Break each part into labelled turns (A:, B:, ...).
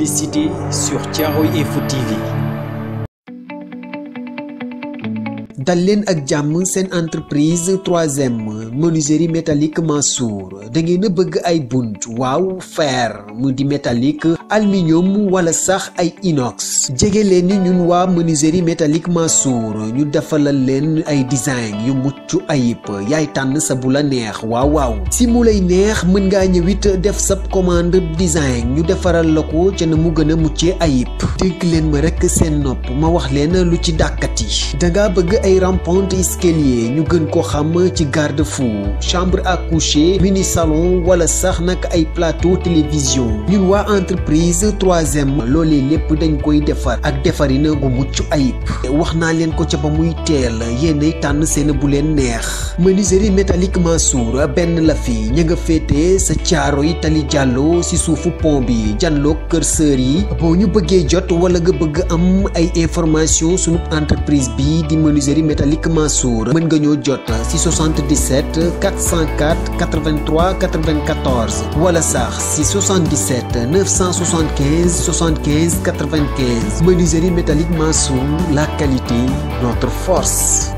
A: publicité sur Tiaroy Info TV. dal ak jam sen entreprise 3e menuiserie métallique Mansour da ngeen a bëgg ay bunt waaw fer mu di métallique aluminium wala sax ay inox jege leen ni ñun waa menuiserie métallique Mansour ñu defalal leen ay design yu muccu ayib yaay tànn sa bu la neex waaw waaw si mu lay neex mën ngaa ñëwit def sab commande design ñu defaral la ko ca na mu gën a muccee ayib dégg leen ma rek seen nopp ma wax leen lu ci dàkkati bëgg ay rampante escalier ñu gën ko xam ci garde fou chambre à coucher mini salon wala sax nag ay plateau télévision ñun waa entreprise troisième loolee lépp dañ koy defar ak defarina gu mucc ay wax naa leen ko ca ba muy teel yéenay tànn seen bu leen neex menuiserie métallique Mansour benn la fi ña nga féete sa caaro yi tali jàllo si suufu pont bi janloog kër sër yi boo ñu bëggee jot wala nga bëgg am ay information sunu entreprise bi di menuiserie métallique Mansour mën gagnant jot 404 83 94 Walassar 677 975 75 95 menuiserie métallique Mansour la qualité notre force.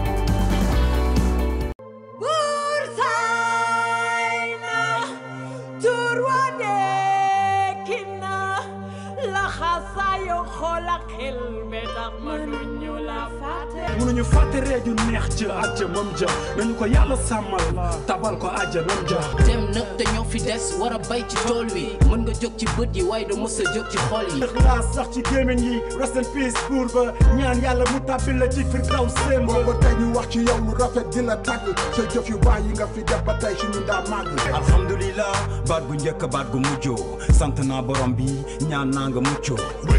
B: xool ak xel mais tax mënuñu la fàtte.
C: mënuñu fàtte reeju neex ca àjja mam ja nañu ko yàlla sàmmal tabal ko àjja mam ja.
D: dem nag dañoo fi des war a bay ci tool wi mën nga jóg ci bët yi waaye da mës a jóg ci xol yi. ndax
C: laa sax ci gémmiñ yi rest in peace buur ba ñaan yàlla mu tàbbi la ci firdaw séem. boo ko tey ñu wax ci yow lu rafet di la tàgg sa jëf yu baax yi nga fi def ba tey suñu daa màgg. alhamdulilah baat bu njëkk baat gu mujjoo sant naa borom bi ñaan naa nga muccoo.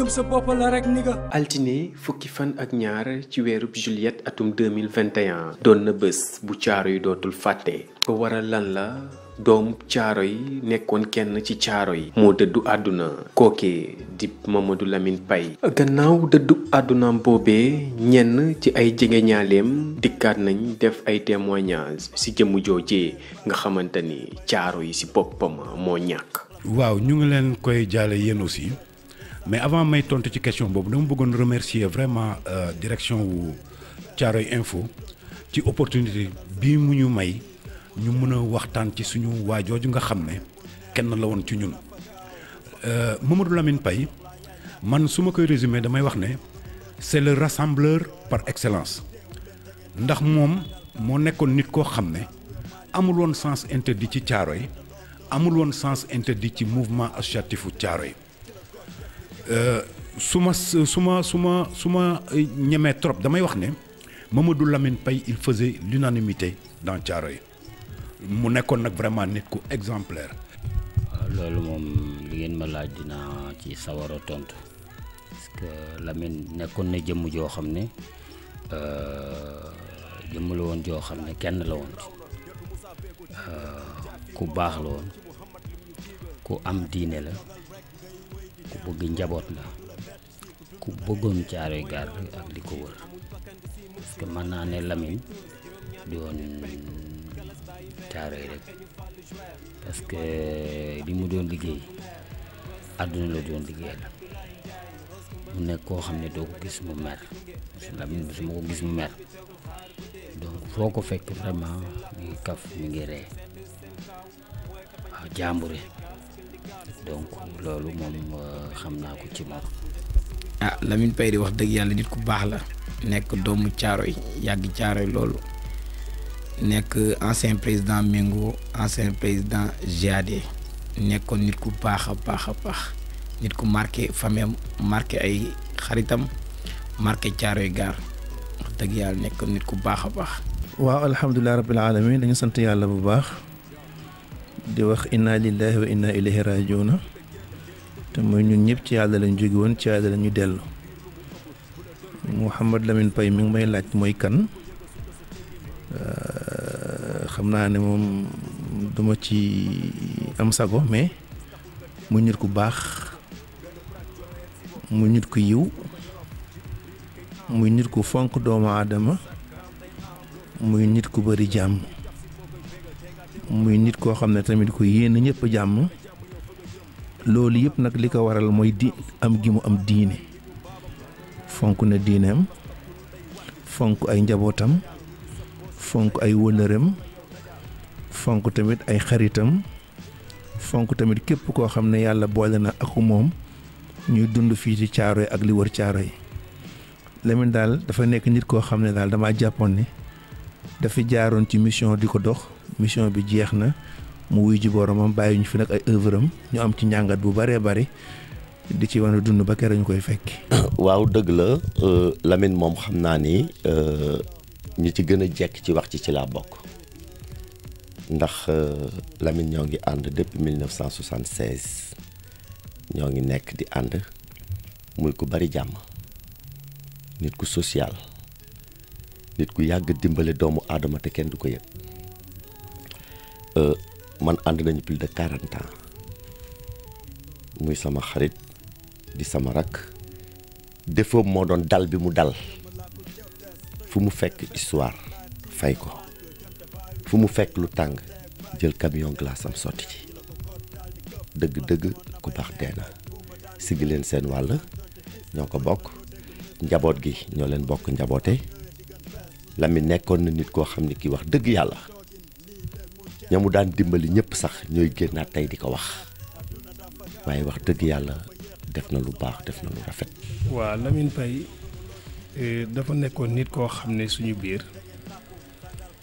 B: gëm sa bopp la rek ni nga. altine fukki fan ak ñaar ci juliet atum 2021 Don na bés bu caaro yi dootul fàtte ko waral lan la doom caaro yi nekkoon kenn ci caaro yi moo dëddu àdduna kookee di mamadou lamine pay gannaaw dëddu aduna boobee ñenn ci ay nyalem. ñaaleem dikkaat nañ def ay témoignage si jëmm joojee nga xamante ni caaro yi si boppam
C: moo ñàkk waaw ñu ngi leen koy jaale yéen aussi mais avant ma tontu ci question boobu dama bëggoon remercier vraiment euh, direction wu Thiaroye Info ci opportunité bii mu ñu may ñu mëna a waxtaan ci suñu waajooju nga xam ne kenn la woon ci ñun euh, Mamadou Lamine Paye man su ma koy résumer damay wax ne c'est le rassembleur par excellence ndax moom moo nekkoon nit koo xam ne amul woon sens interdit ci Thiaroye amul woon sens interdit ci mouvement associatif u euh, su ma su ma su ma su euh, ma ñemee trop damay wax né Mamadou Lamine Pay il faisait l'unanimité dans Tiaroy mu nekkoon nak vraiment nit ku exemplaire.
E: Ah, lolu mom li ngeen ma laaj dina ci sawar tontu parce que Lamine nekkoon na jëm jo xamné euh jëmm la woon joo xam kenn la won woon euh, ku bax la woon ku am diiné la. bëgg njaboot la ku bëggoon ci aré gar ak li ko wër parce que mën naa ne di doon caaroy rek parce que li mu doon liggéey àdduna la doon liggéey la mu nekk koo xam ne doo ko gis mu mer Lamin bi su ma ko gis mu mer donc foo ko fekk vraiment mi kaf mi ngi ree waaw jàmbure donc loolu mom euh, xamna ko ci moom
D: ah Lamine pay di wax deug yalla nit ku bax la nek doomu caaro yi yàgg caaro nek ancien président Mengo ancien président GAD nekkoon nit ku baxa baxa bax nit ku marqué famé marqué ay xaritam marqué caaro gar deug yalla nek nit ku baxa bax
F: wa waaw rabbil alamin dañu sante yalla bu bax di wax inna lillahi wa inna ilaihi rajiuna te moy ñun ñepp ci yalla lañu jóge won ci yalla lañu delu muhammad Lamine Pay mi may laaj moy kan euh xamna ne mom duma ci am sago mais mu nit ku bax mu nit ku yiw muy nit ku fonk doomu adama muy nit ku bari jamm muy nit koo xam ne tamit ku yéen ñëpp jàmm loolu yëpp nag li ko waral mooy di am gi mu am diine fonk na diineem fonk ay njabootam fonk ay wëllëreem fonk tamit ay xaritam fonk tamit képp koo xam ne yàlla boole na ak moom ñuy dund fii ci caaro yi ak liwar caaro yi Lamine daal dafa nekk nit koo xam ne daal damaa jàppoon ni dafa jaaroon ci mission di ko dox mission bi jeex na mu wuy ji boromam bàyyi ñu fi nag ay œuvre am ñu am ci njàngat bu baree bëri di ci wane dund ba keroog ñu koy fekki.
G: waaw dëgg la euh, lamin moom xam naa ni euh, ñu ci gën a jekk ci wax ci ci laa bokk ndax euh, lamin ñoo ngi ànd depuis 1976 ñoo ngi nekk di ànd muy ku bari jàmm nit ku social nit ku yàgg dimbale doomu aadama te kenn du ko yëg. Eh, man and nañu plus de 40 ans muy sama xarit di sama rak defo mo don dal bi mu dal fu mu fekk histoire fay ko fu mu fekk lu tang jël camion glace am sotti ci deug deug ku bax dee sigi len sen wal ñoko bok njabot gi ñoo bok njabote Lamine nit ko xamni ki wax deug yalla ña mu daan dimbali ñëpp sax ñooy génnaat tey di ko wax waaye wax dëgg yàlla def na lu baax def na lu rafet.
H: waaw lamin Paye eh, dafa nekkoon nit koo xam ne suñu biir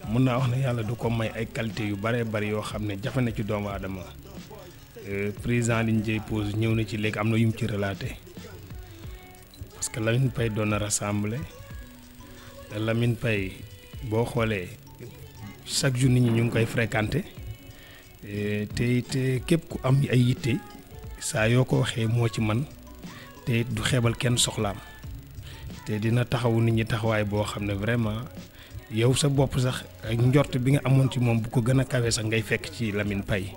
H: mun naa wax na yàlla du ko may ay qualité yu bare bari yoo xam ne jafe na ci doomu aadama eh, président liñ jëy pause ñëw na ci léegi am na yu mu ci relaté parce que Lamine Paye doon na rassemblé lamin pay boo xoolee. chaque jour nit ñi ñu ngi koy fréquenté eh, te te eh, képp ku am ay yitte saa yoo ko waxee moo ci man te du xeebal kenn soxlaam te dina taxawu nit ñi taxawaay boo xam ne vraiment yow sa bopp sax ak njort bi nga amoon ci moom bu ko gën a kawe sax ngay fekk ci Lamine pay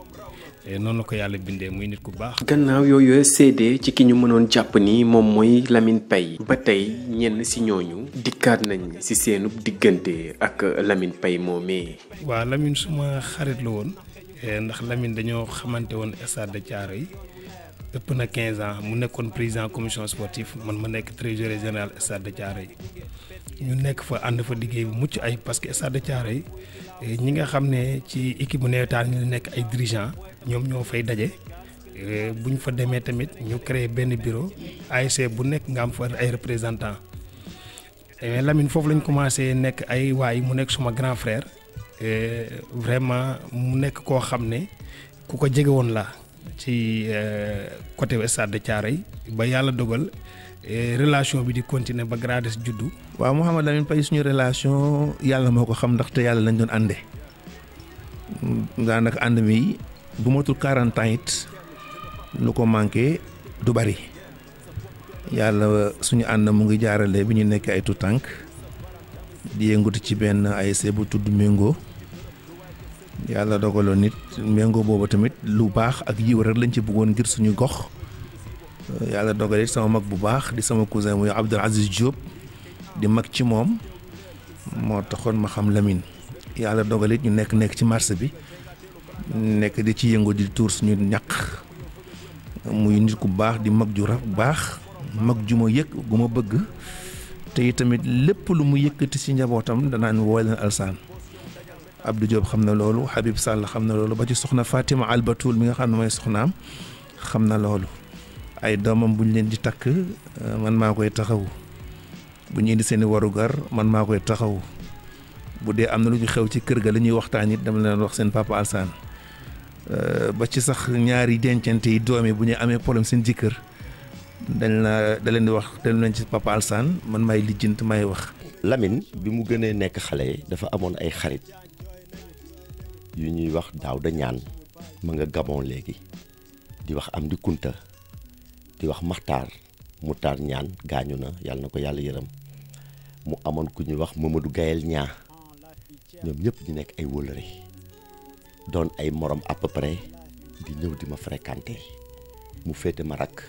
H: noonu la ko yàlla bindee muy nit ku baax.
B: gannaaw yooyu seede ci ki ñu mënoon jàpp nii moom mooy Lamine Paye ba tey ñenn si ñooñu dikkaat nañ si seenub diggante ak Lamine Paye moomee.
H: waaw lamin suma xarit la woon eh, ndax Lamine dañoo xamante woon stade de Thiaroye yi ëpp na 15 ans mu nekkoon président commission sportive man ma nekk trésorier général stade de Thiaroye yi ñu nekk fa ànd fa liggéey bu mucc ay parce que stade de Thiaroye ñi nga xam ne ci équipe bu nawetaan ñu nekk ay dirigeant ñoom ñoo fay daje euh, bu ñu fa demee tamit ñu créé benn bureau ASC bu nekk nga am fa ay représentant mais Lamine foofu lañ commencé nekk ay waay mu nekk suma grand frère euh, vraiment mu nekk koo xam ne ku ko jege woon la ci euh, côté stade de Thiaroye ba yàlla dogal relation bi di continuer ba Grades juddu.
F: waaw Mouhamed Lamine Paye suñu relation yàlla moo ko xam ndaxte yàlla lañ doon ànde daanaka ànd mi bu matul 40 ans it lu ko manqué du bari yàlla suñu ànd mu ngi jaarale bi ñu nekk ay tout tànk di yëngatu ci benn ASC bu tudd Mengo yàlla dogaloon nit Mengo boobu tamit lu baax ak yiw rek lañ ci bëggoon ngir suñu gox. yàlla dogal sama mag bu baax di sama cousin muy Abdoul Aziz jóob di mag ci moom moo taxoon ma xam Lamine yàlla dogal it ñu nekk nekk ci marché bi nekk di ci yëngu di tuur suñu ñax muy nit ku baax di mag ju raf baax mag ju ma yëg gu ma bëgg te itamit lépp lu mu yëkkati ci njabootam danaan woo leen alsaan Abdou Diop xam na loolu Habib Sall xam na loolu ba ci soxna Fatima Albatul mi nga xam ne mooy soxnaam xam na loolu ay domam buñ leen di takk euh, man maa koy taxaw bu di seeni warugar man maa koy taxaw bu dee am na lu ñu xew ci kër ga la ñuy dama leen wax seen papa alsan. Euh, ba ci sax ñaari dencante yi doom yi bu ñu amee problème seen jëkkër dañ la da leen di wax dañ leen
G: ci papa alsan, man may lijjant may wax. Lamine bi mu gënee nekk xale dafa amoon ay xarit yu ñuy wax daaw da ñaan ma nga gamoon léegi di wax am di kunta di wax mu tar ñaan gañu na yalla nako yalla yeeram mu amon ku ñu wax Mamadou Gayel ñaa ñom ñep di nek ay wolere don ay morom a peu près di ñew di ma fréquenter mu fété marak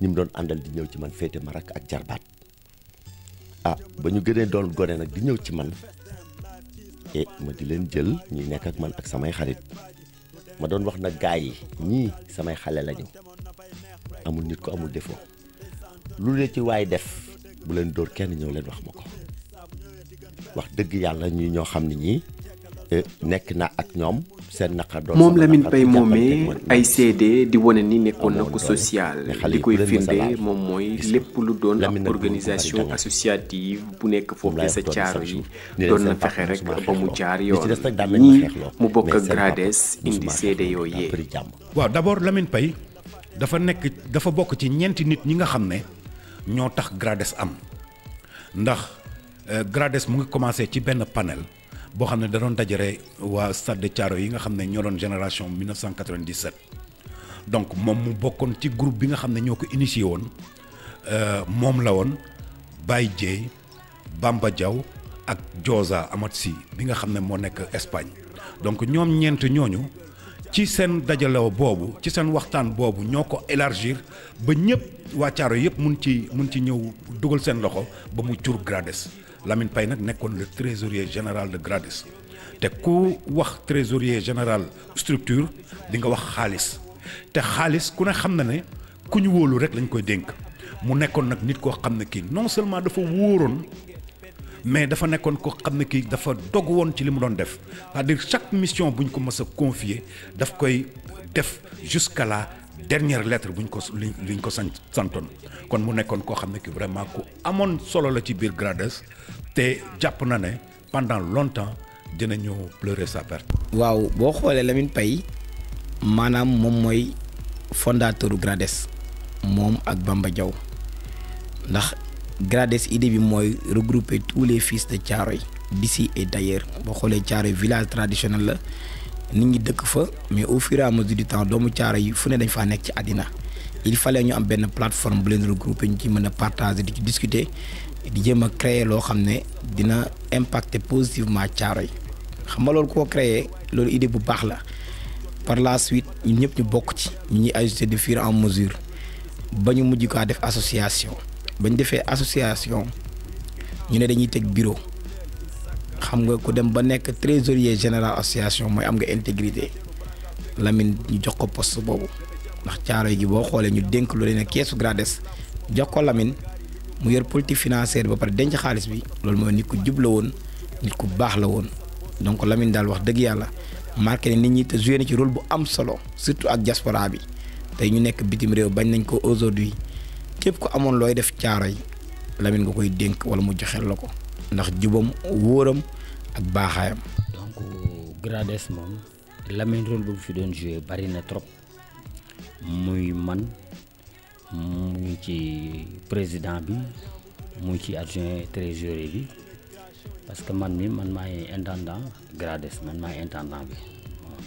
G: ñim don andal di ñew ci man fété marak ak jarbat ah bañu don goné nak di ñew ci man e ma di leen jël ñi nek ak man ak samay xarit ma don wax na gaay ñi samay xalé lañu amul nit ko amul défaut lu la ci waay def bu leen dóor kenn ñëw leen wax ma ko wax dëgg yàlla ñu ñoo xam ne ñii eh, nekk na ak ñoom seen naqar doon moom Lamine Paye moomee ay
B: seede di wone ni nekkoon na ko social li koy firnde moom mooy lépp lu doon ab organisation associative bu nekk foofu sa caaro yi doon na fexe rek ba mu jaar yoon ñii mu bokk ak Grades indi seede yooyee
C: waaw d'abord dafa nekk dafa bokk ci ñeenti nit ñi nga xam ne ñoo tax Grades am ndax euh, Grades mu ngi commencé ci benn panel boo xam ne da doon dajale waa stade de Thiaroye yi nga xam ne ñoo doon génération 1997 donc moom mu bokkoon ci groupe bi nga xam ne ñoo ko initié woon euh, moom la woon bay Dieye Bamba Diaw ak Joza Amat Si bi nga xam ne moo nekk Espagne donc ñoom ñeent ñooñu. ci seen dajaloo boobu ci seen waxtaan boobu ñoo ko élargir ba ñëpp waa Thiaroye yëpp mun ci mun ci ñëw dugal seen loxo ba mu jur Grades Lamine pay nag nekkoon le trésorier général de Grades te ku wax trésorier général structure di nga wax xaalis te xaalis ku ne xam na ne ku ñu wóolu rek lañ koy dénk mu nekkoon nag nit ko xam ne kii non seulement dafa wóoroon mais dafa nekkoon ko xam ne kii dafa dogu woon ci li mu doon def c'est-à-dire chaque mission bu ñu ko mës a confier daf koy def jusqu'à la dernière lettre buñ ko li ko sant santoon kon mu nekkoon koo xam ne ki vraiment ku amoon solo la ci biir Grades te jàpp na ne pendant longtemps dinañu pleurer sa perte.
D: waaw boo xoolee Lamine Paye maanaam moom mooy fondateur Grades moom ak Bamba Diaw ndax Grades idée bi moy regrouper tous les fils de Thiaroye d'ici et d'ailleurs Les xolé traditionnels village traditionnel la nit ñi dëkk fa mais au fur et à mesure du temps doomu Thiaroye yi fu ne dañ fa nekk ci il fallait ñu am plateforme bu regrouper ñu partager di discuter et jëm créer lo xamné dina impacter positivement Thiaroye xam nga loolu koo créer idée bu baax la par la suite nous avons ñu bokk ci ñi de fur et à mesure ba ñu mujj def association. bañ defee association ñu ne dañuy teg bureau xam nga ku dem ba nekk trésorier général association mooy am nga intégrité Lamine ñu jox ko poste boobu ndax caaroy gi boo xoolee ñu dénk lu leen keesu Grades jox ko lamin mu yor politique financière ba pare denc xaalis bi loolu mooy nit ku jub la woon nit ku baax la woon donc Lamine daal wax dëgg yàlla marqué ne nit ñi te joué na ci rôle bu am solo surtout ak diaspora bi te ñu nekk bitim réew bañ nañ ko aujourd'hui képp ko amoon looy def caara yi Lamine nga koy dénk wala mu joxel la ko ndax jubam wóoram ak baaxaayam.
E: donc Grades moom Lamine rôle bu fi doon joué bari na trop muy man mu muy ci président bi muy ci adjoint trésorier bi parce que man mi man maay intendant Grades man maay intendant bi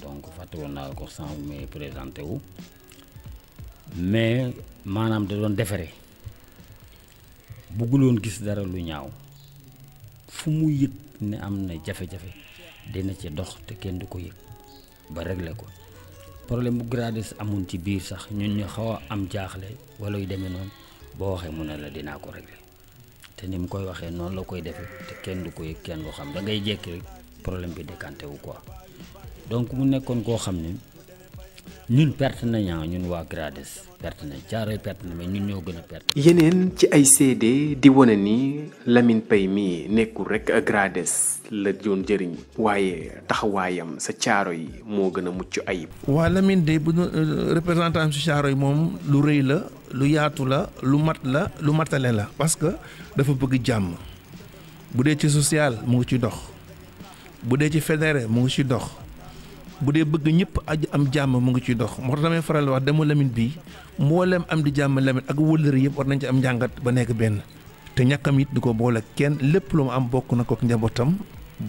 E: donc fàtte woon naa ko sans me présenté wu. mais maanaam da doon defare bëgguloon gis dara lu ñaaw fu mu yëg ne am na jafe-jafe dina ci dox te kenn du ko yëg ba régler ko problème bu gradis amoon ci biir sax ñun ñu xaw a am jaaxle wala yu deme noonu boo waxee mu ne la dinaa ko régler te ni mu koy waxee noonu la koy defee te kenn du ko yëg kenn du xam da ngay jékki problème bi décanté wu quoi donc mu nekkoon koo xam ne. ñun perte nañu ah, ñun waa Grades perte nañ Caaroy perte na ñun ñoo gën a perte.
B: yeneen ci ay seede di wane ni Lamine Paye mii nekkul rek Grades la doon jëriñ waaye taxawaayam sa caaro yi moo gën a mucc ayib.
F: waa Lamine de bu euh, représentant am si Caaroy moom lu rëy la lu yaatu la lu mat la lu matale la parce que dafa bëgg jàmm bu dee ci social mu ngi ci dox bu dee ci federe mu ngi ci dox. bu dee bëgg ñëpp aj am jàmm mu ngi ciy dox moo tax damay wax demu bii mboolem am di jàmm ak wëllëre yëpp war nañ ci am njàngat ba nekk benn te ñàkkam it du ko boole kenn lépp lu am bokk na ko njabootam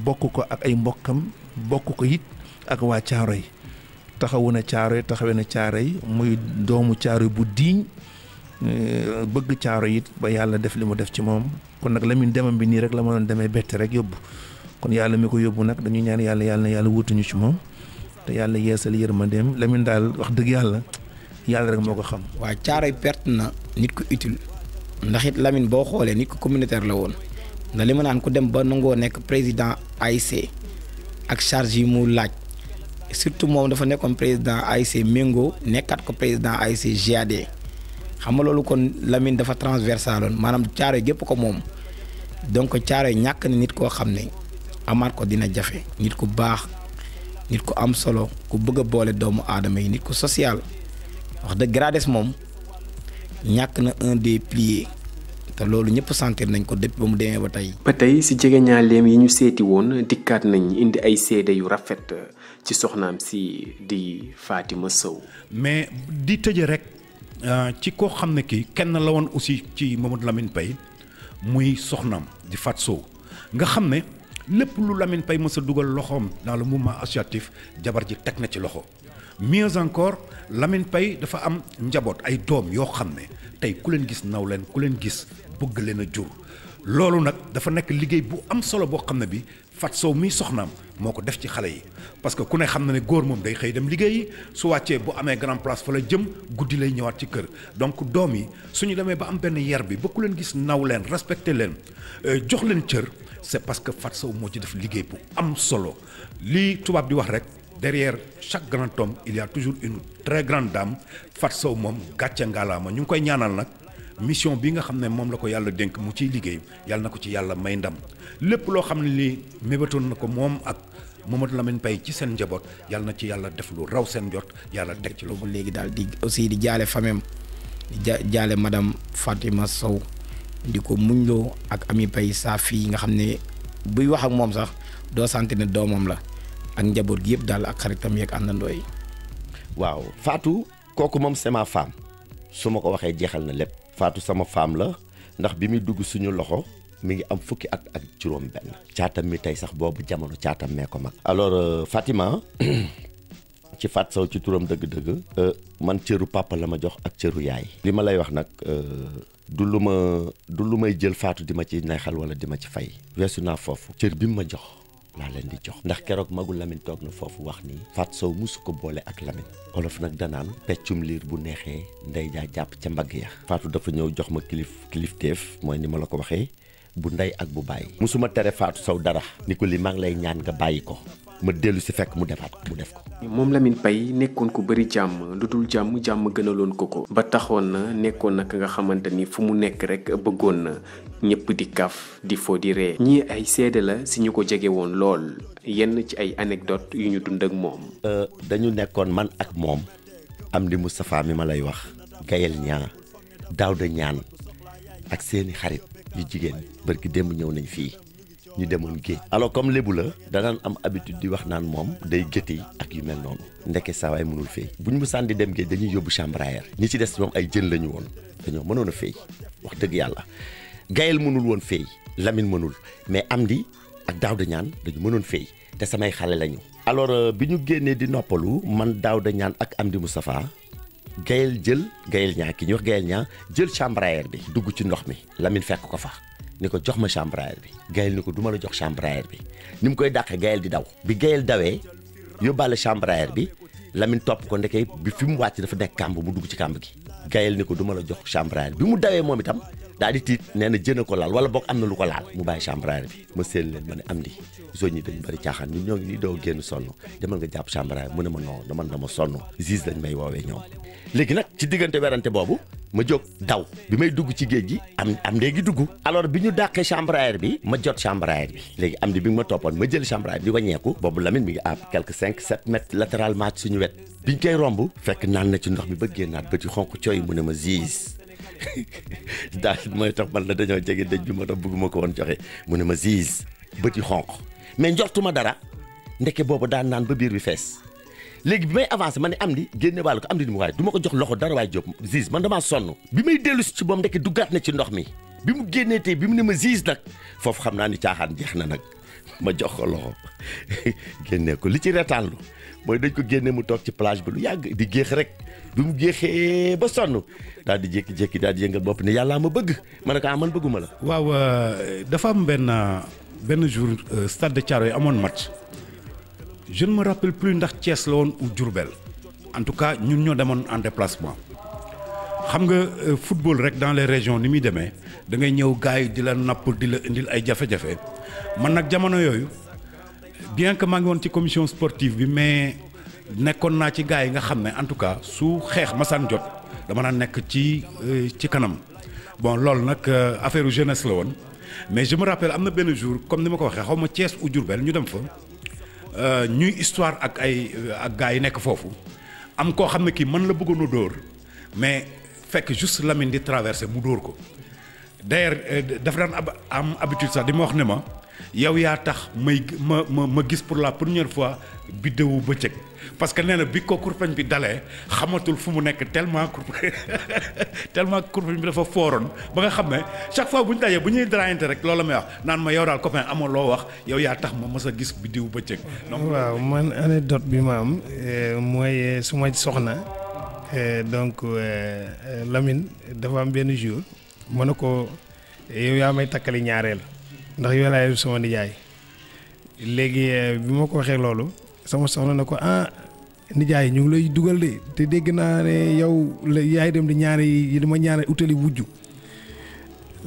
F: bokk ko ak ay mbokkam bokk ko it ak waa caaro yi taxawu na caaro yi taxawee na yi muy doomu caaro bu diiñ euh, bëgg caaro it ba yàlla def li mu def ci moom kon nag Lamine demam bi nii rek la ma doon demee bett rek yóbbu kon yàlla mi ko yóbbu nag dañu ñaan yàlla yàlla na yàlla wutuñu ci moom te yàlla yeesal dem Lamine daal wax dëgg yàlla yàlla rek moo ko xam. waaw caaroy perte na. nit ku utile. ndax it Lamine
D: boo xoolee nit ku communautaire la woon ndax li ma naan ku dem ba nangoo nekk président ay AIC ak charge yi mu laaj surtout moom dafa nekkoon président AIC Mengo nekkaat ko président AIC GAD xam nga loolu kon Lamine dafa transversaloon maanaam caaroy gépp ko moom donc yi ñàkk na nit koo xam ne amaat ko dina jafe. nit ku baax nit ko am solo ku bëgg a boole doomu aadama yi nit ko social wax dëgg Grades moom ñàkk na un des piliers te loolu ñëpp sentir nañ ko depuis ba mu demee ba tey.
B: ba tey si jegeñaaleem yi ñu seeti woon dikkaat nañ indi ay seede yu rafet ci soxnaam si di faati ma Sow.
C: mais di tëje rek euh, ci koo xam ne kii kenn la woon aussi ci Mamadou Lamine pay muy soxnaam di Fat Sow nga xam ne. lépp lu Lamine pay mës dugal loxoom dans le mouvement associatif jabar ji teg na ci loxo mieux encore lamin pay dafa am njaboot ay doom yoo xam ne tey ku leen gis naw leen ku leen gis bëgg leen a jur loolu nag dafa nekk liggéey bu am solo boo xam ne bi Fat Sow mi soxnaam moo ko def ci xale yi parce que ku ne xam na ne góor moom day xëy dem liggéeyi su wàccee bu amee grand place fa la jëm guddi lay ñëwaat ci kër donc doom yi suñu demee ba am benn yar bi ba leen gis naw leen respecté leen euh, jox leen cër c'est parce que Fatou Sow moo ci def liggéey bu am solo li tubaab di wax rek derrière chaque grand homme il toujours une très grande dame Fatou Sow moom gàcce ngalaama ñu ngi koy ñaanal nag mission bi nga xam ne moom la ko yàlla dénk mu ciy liggéey yàlla na ko ci yàlla may ndam lépp loo xam ne lii mébatoon na ko moom ak la Lamine Paye ci seen njaboot yàlla na ci yàlla def lu raw seen njot yàlla teg ci loolu. léegi
D: daal di aussi di jaale famem di jaale madame Fatima Sow. di ko muñloo ak Ami pay saa fii nga xam ne buy wax ak moom sax doo sant ne
G: doomam la ak njaboot gi yëpp daal ak xaritam yeeg àndandoo yi. waaw faatu kooku moom c'est ma su ma ko waxee jeexal na lépp faatu sama femme la ndax bi muy dugg suñu loxo. mu ngi am fukki ak ak juróom benn caatam mi tey sax boobu jamono caatam mee ko mag alors euh, Fatima ci faat Sow ci turam dëgg-dëgg euh, man cëru papa la ma jox ak cëru yaay li ma lay wax nag euh, du lu ma du lu may jël faatu di ma ci neexal wala di ma ci fay weesu naa foofu cër bi mu ma jox laa leen di jox ndax keroog magul Lamine toog na foofu wax ni faat Sow musu ko boole ak Lamine olof nag danaan peccum liir bu neexee ndey jaa jàpp ca mbagg ya Fatou dafa ñëw jox ma kilif kilifteef mooy ni ma la ko waxee bu ndey ak bu bàyyi musuma tere Fatou Sow dara ni ko li mag lay ñaan nga bàyyi ko ma dellu si fekk mu defaat mu def ko.
B: moom Lamine Paye nekkoon ko bëri jàmm lu dul jàmm jàmm gënaloon ko ko. ba taxoon na nekkoon na nga xamante ni fu mu nekk rek bëggoon na ñëpp di kaf di foo di ree. ñii ay seede la si ñu ko jege woon lool
G: yenn ci ay anecdote yu ñu dund ak moom. Euh, dañu nekkoon man ak moom am di Moustapha mi ma lay wax. Gayel ñaa daaw da ñaan ak seeni xarit yu jigéen bërki démb ñëw nañu fii. ñu demoon géej alors comme léebu la danaan am habitude di wax naan moom day gétti ak yu mel noonu ndeke sawaay mënul feey bu ñu mu di dem géej dañuy yóbbu chambre à air ñi ci des moom ay jën lañu woon dañoo mënoon a feey wax dëgg yàlla gayel mënul woon feey Lamine mënul mais am di ak Daouda Niane dañu mënoon feey te samay xale lañu alors euh, bi ñu génnee di noppalu man Daouda Niane ak Amdi Moustapha gayel jël gayel ñaa ki ñu wax gayel ñaa jël chambre bi dugg ci ndox mi Lamine fekk ko fa ni ko jox ma chambre bi gayel ni ko duma la jox chambre bi ni mu koy dàqee gayel di daw bi gayel dawee yóbbaale chambre à air bi Lamine topp ko ndekee bi fi mu wàcc dafa nekk kàmb mu dugg ci kàmb gi gayel ni ko duma la jox chambre bi mu dawee moom itam daal di tiit nee na jën a ko laal wala boog am na lu ko laal mu bàyyi chambrère bi ma séen leen ma ne am di zone yi dañu bëri caaxaan ñun ñoo ngi nii doo génn sonn demal nga jàpp chambrère mu ne ma non man dama sonn gis lañ may woowee ñoom léegi nag ci diggante werante boobu ma jóg daw bi may dugg ci géej gi am am léegi dugg alors bi ñu dàqee chambrère bi ma jot chambrère bi léegi am di bi ma toppoon ma jël chambrère bi waññeeku boobu Lamine mi ngi ab quelque suñu wet koy romb fekk naan na ci ndox mi ba génnaat ba ci xonk cooy mu ne ma daal mooy tax man la dañoo jege dëj bi ma tax bëgguma ko woon joxe mu ne ma ziiz bëti xonq mais njortuma dara ndeke boobu daan naan ba biir bi fees léegi bi may avancé ma ne am di génne wàll ko am di ni mu waaye du ma ko jox loxo dara waaye Diop ziiz man damaa sonn bi may dellu si ci moom ndeke duggaat na ci ndox mi bi mu génnee tey bi mu ne ma ziiz nag foofu xam naa ni caaxaan jeex na nag ma jox ko loxo génnee ko li ci reetaanlu mooy dañ ko génn mu toog ci plage bi lu yàgg di géex rek bi mu jeexee ba sonn daal di jékki-jékki daal di yëngal bopp ne yàllaa ma bëgg ma ne ko ah, man bëgguma la.
C: waaw euh, dafa am benn benn jour euh, stade de Thiaroye amoon match je ne me rappelle plus ndax Thiès la woon ou Diourbel en tout cas ñun ñoo demoon en déplacement. xam nga euh, football rek dans les régions ni muy demee da ngay ñëw gars yi di la napp di la indil ay jafe-jafe man nag jamono yooyu bien que maa ngi woon ci commission sportive bi mais nekkoon naa ci gars yi nga xam ne en tout cas su xeex masaan jot dama naa nekk ci euh, ci kanam bon loolu nag euh, affaire jeunesse la woon mais je me rappelle am na benn jour comme ni ma ko waxee xaw ma Thiès ou Diourbel ñu dem fa euh, ñuy histoire ak ay ak gars yi nekk foofu am koo xam ne kii man la bëggoon a dóor mais fekk juste Lamine di traversé mu dóor ko d'ailleurs dafa daan am habitude sax di ma wax ne ma. yow yaa tax may ma ma ma gis pour la première fois biddéewu bëccëg parce que nee na bi ko kurpeñ bi dalee xamatul fu mu nekk tellement kurpeñ tellement kurpeñ bi dafa fooroon ba nga xam ne chaque fois bu ñu dajee bu ñuy rek loolu may wax naan ma yow daal copain amoo loo wax yow yaa tax ma mës a gis biddéewu bëccëg.
H: donc waaw man anecdote bi ma am euh, mooy euh, su ma soxna euh, donc Lamine dafa am benn jour mën na ko yow yaa may takkali ñaareel. ndax yow laay sama nijaay léegi eh, bi ma ko waxee loolu sama soxna na ko ah nijaay ñu ngi lay dugal de te dégg naa ne yow la yaay dem di ñaari yi dama ñaari utali wujju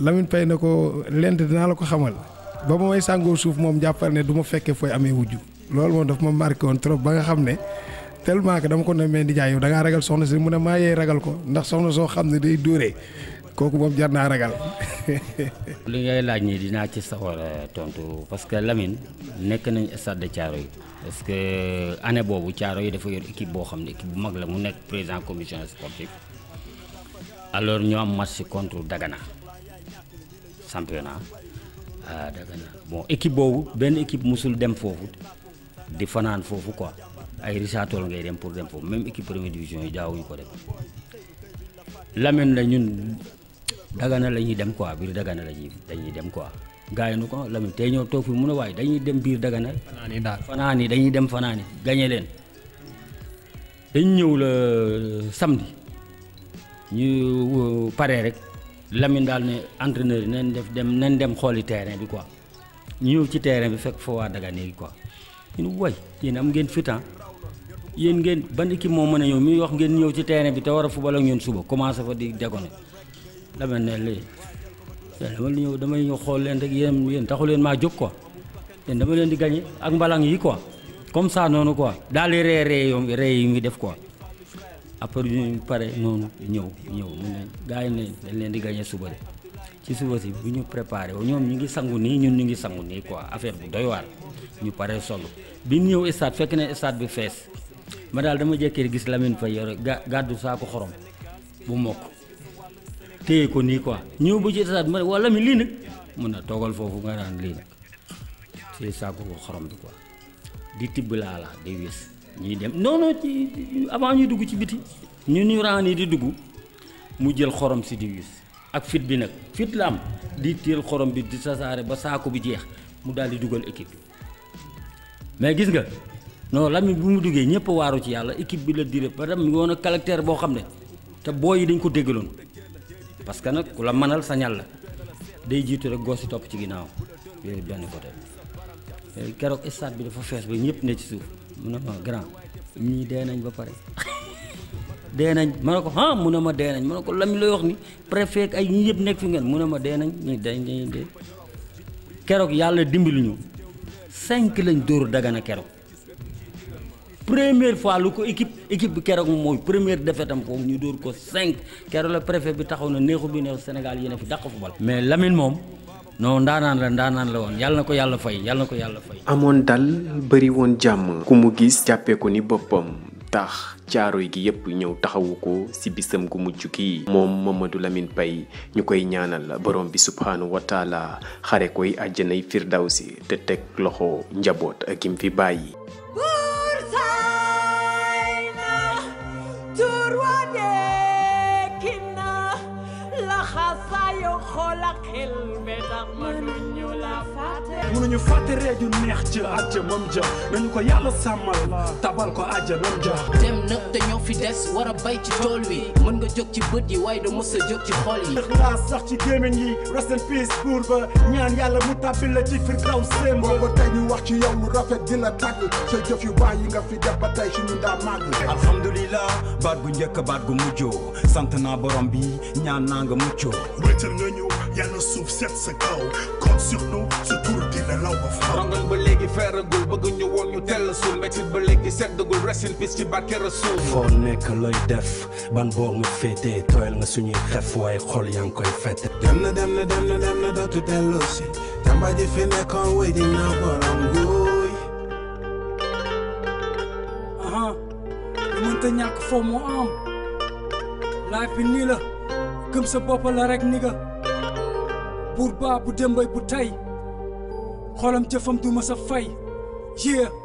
H: lamit Paye na ko lent dinaa la ko xamal ba ma may sàngoo suuf moom jàppal ne du ma fekkee fooy amee wujju loolu moom daf ma marqué woon trop ba nga xam ne tellement que dama ko ne mais nijaay yow dangaa ngaa ragal soxna si mu ne maa yee ragal ko ndax soxna soo xam ne day dóoree kooku moom jar naa ragal.
E: li ngay laaj nii dinaa ci sawar euh, tontu parce que Lamine nekk nañ stade de yi parce que euh, anne boobu caaro yi dafa yor équipe boo xam ne équipe bu mag la mu nekk président commission sportive alors ñoo am match contre Dagana championnat ah Dagana bon équipe boobu benn équipe mosul dem foofu di fanaan foofu ko ay Richard ngay dem pour dem foofu même équipe première division yi daawuñu ko dem Lamine la ñun. dagana la ñuy dem quoi biir dagana la ñuy dañuy dem quoi gars yi nu ko Lamine tey ñoo toog fi mun a waaye dañuy dem biir dagana. fanaani daal fanaani dañuy dem fanaani gañe leen dañ ñëw la euh, samedi ñu euh, paree rek Lamine daal ne entraîneur yi nañ def dem nañ dem xooli terrain bi quoi ñu ñëw ci terrain bi fekk foo waa dagane yi quoi ñu ne way yéen am ngeen fitan ah? yéen ngeen ban équipe moo mën a ñëw mi wax ngeen ñëw ci terrain bi te war a football ak ñun suba commencé fa di déconner dama ne lii dama ñëw dama ñëw xool leen rek yéen yéen taxu leen maa jóg ko yéen dama leen di gañe ak mbalang yi ko comme ça noonu ko daal di ree ree yoom ree yi muy def ko après ñu pare noonu ñëw ñëw mu ne gars yi ne dañ leen di gañe suba de ci suba si bu ñu préparé wu ñoom ñu ngi sangu nii ñun ñu ngi sangu nii quoi affaire bu doy waar ñu pare solo bi ñëw stade fekk na stade bi fees ma daal dama jékkee gis Lamine Faye yore gàddu saako xorom bu mokk téye ko nii quoi ñëw bu ci tasaat ma ne wala mi lii nag mun a togal foofu nga naan lii nag ci saako ko xorom bi quoi di tibb laa la di wis ñuy dem non non ci avant ñuy dugg ci biti ñu ñu raan yi di dugg mu jël xorom si di wis ak fit bi nag fit la am di téel xorom bi di tasaare ba saako bi jeex mu daal di dugal équipe bi mais gis nga non Lamine bu mu duggee ñëpp waaru ci yàlla équipe bi la dire ba dem woon a caractère boo xam ne te booy yi dañ ko déggaloon parce que nag ku la mënal sañal la day jiitu rek gos si topp ci ginnaaw yooyu benn côté keroog stade bi dafa fees ba ñëpp ne ci suuf mun ne ma grand ñii dee nañ ba pare dee nañ ma ne ko ah mu ne ma dee nañ ma ne ko lam lay wax ni préfet ay ñi yëpp nekk fi ngeen mun a ma dee nañ ñii dañ keroog yàlla dimbali ñu cinq lañ dóor dagana keroog première fois lu ko équipe équipe bi keroog mooy première défaite am foofu ñu dóor ko cinq keroog la préfet bi taxaw na neexu bi neex Sénégal yéen a fi dàq football mais Lamine moom noo ndaanaan la ndaanaan la woon yàlla na ko yàlla fay yàlla na ko yàlla fay. amoon
B: dal bëri woon jàmm. ku mu gis jàppee ko ni boppam tax caaroy gi yépp ñëw taxawu ko ci bisam ku mujj gi moom Mamadou Lamine Paye ñu koy ñaanal borom bi subhaanahu wa taala xare koy àjjanay firdawsi te teg loxo njaboot ak gim fi bàyyi. Armand
C: mënuñu fàtte reeju neex ko yàlla sàmmal tabal ko àjja ja
D: dem nag ñoo fi des war a bay ci tool mën nga jóg ci bët yi waaye mos a jóg ci xol yi laa sax ci yi rest in peace
C: la rafet di la tàgg sa jëf yu nga fi def ba tey daa baat bu njëkk baat gu mujjo sant borom bi ñaan
F: sur nous de tur def ban xef xol koy dem na dem na dem na na
B: aha am la comme la buur baa bu démbay bu tey xolam jëfam du ma sa fay yée